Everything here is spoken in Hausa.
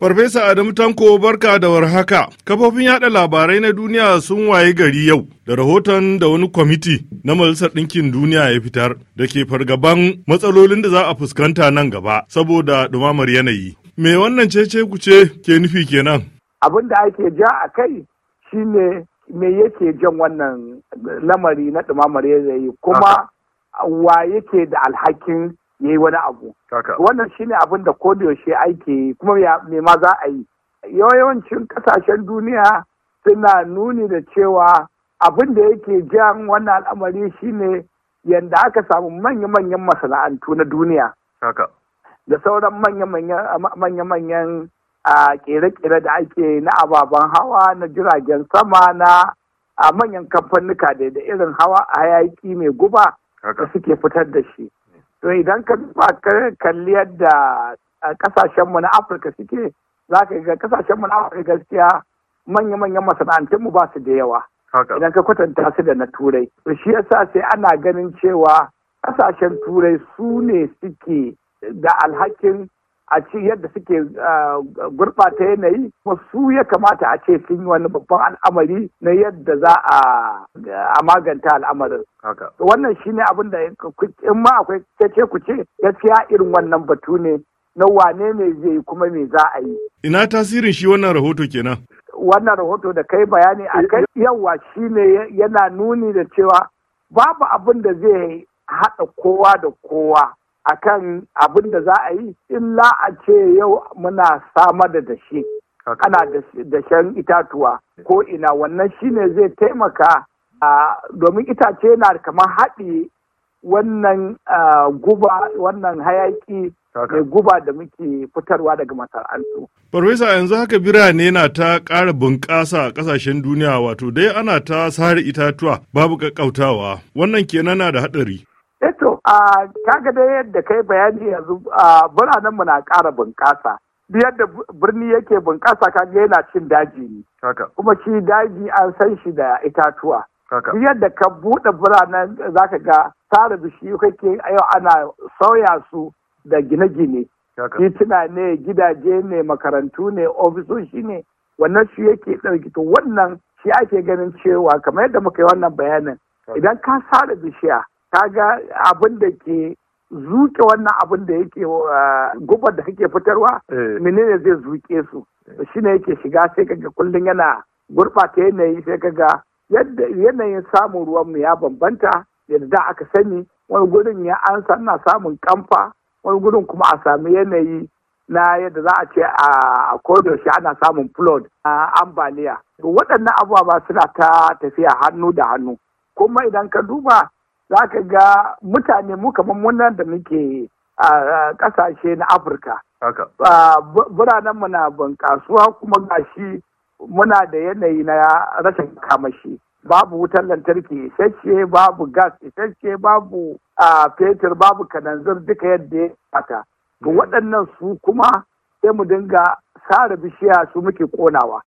Farfesa Adamu Tanko barka da warhaka. Kafofin yada labarai na duniya sun waye gari yau da rahoton da wani kwamiti na Majalisar Ɗinkin Duniya ya fitar da ke fargaban matsalolin da za a fuskanta nan gaba saboda ɗumamar yanayi. Me wannan cece kuce ke nufi kenan? Abin da ake ja a kai shine me yake jan wannan lamari na ɗumamar yanayi kuma wa yake da alhakin ya yi wani abu wannan shi ne abin da ko yaushe aiki kuma me ma za a yi yawancin kasashen duniya suna nuni da cewa abin da yake jan wannan al'amari shi ne yadda aka samu manya-manyan masana'antu na duniya da sauran manya-manyan a kere-kere da ake na ababen hawa na jiragen sama na a manyan kamfanuka da irin hawa a hayaki mai guba da suke fitar da shi to idan ka kalli yadda kasashenmu na afirka suke za ka ga kasashenmu na afirka gaskiya manya-manyan masana'antunmu ba su da yawa idan ka kwatanta su da na turai to shi yasa sai ana ganin cewa kasashen turai su ne suke da alhakin a ci yadda suke gurɓata yanayi kuma su ya kamata a ce sun yi wani babban al'amari na yadda za a maganta al'amarin. Wannan shi ne abin da in ma akwai ce ku ce gaskiya irin wannan batu ne na wane ne zai yi kuma me za a yi. Ina tasirin shi wannan rahoto kenan. Wannan rahoto da kai bayani a kai eh, eh. yawa shi ne yana nuni da cewa babu abin da zai haɗa kowa da kowa. akan abin da za a yi illa a ce yau muna samar da dashi ana dashen itatuwa ko ina wannan shine zai taimaka domin itace na kamar haɗi wannan guba wannan hayaki mai guba da muke fitarwa daga masana'antu. Farfesa yanzu haka birane na ta ƙara bunƙasa a ƙasashen duniya wato dai ana ta sare itatuwa babu ƙaƙƙautawa wannan kenan na da haɗari. Eto eh a kaga da yadda kai bayani yanzu biranen mu na ƙara bunƙasa yadda birni yake bunƙasa kaga yana cin daji ne kuma shi daji an san shi da itatuwa yadda ka buɗe biranen zaka ga tara bishiyu kake yau ana sauya su da gine-gine tituna ne gidaje ne makarantu ne ofisoshi ne wannan shi yake ɗauki to wannan shi ake ganin cewa kamar yadda muka yi wannan bayanin idan ka sare bishiya ga abin da ke zuke wannan abin da yake eh, gubar da kake fitarwa eh. menene zai zuke su eh. ne yake shiga sai kaga kullum yana gurɓata yanayi sai kaga yadda yanayin samun ruwanmu ya bambanta yadda aka sani wani gurin ya an na samun kamfa wani gurin kuma a sami yanayi na yadda za a ce a shi ana samun flood a ambaliya waɗannan abubuwa suna ta tafiya hannu da hannu kuma idan ka duba za ka ga mutane mu kamar munan da muke a kasashe na afirka biranenmu na bunkasuwa kuma gashi muna da yanayi na rashin kamashi babu wutar lantarki isasshe babu gas isasshe babu fetur babu kananzir duka yadda ya fata waɗannan su kuma sai mu dinga sare bishiya su muke konawa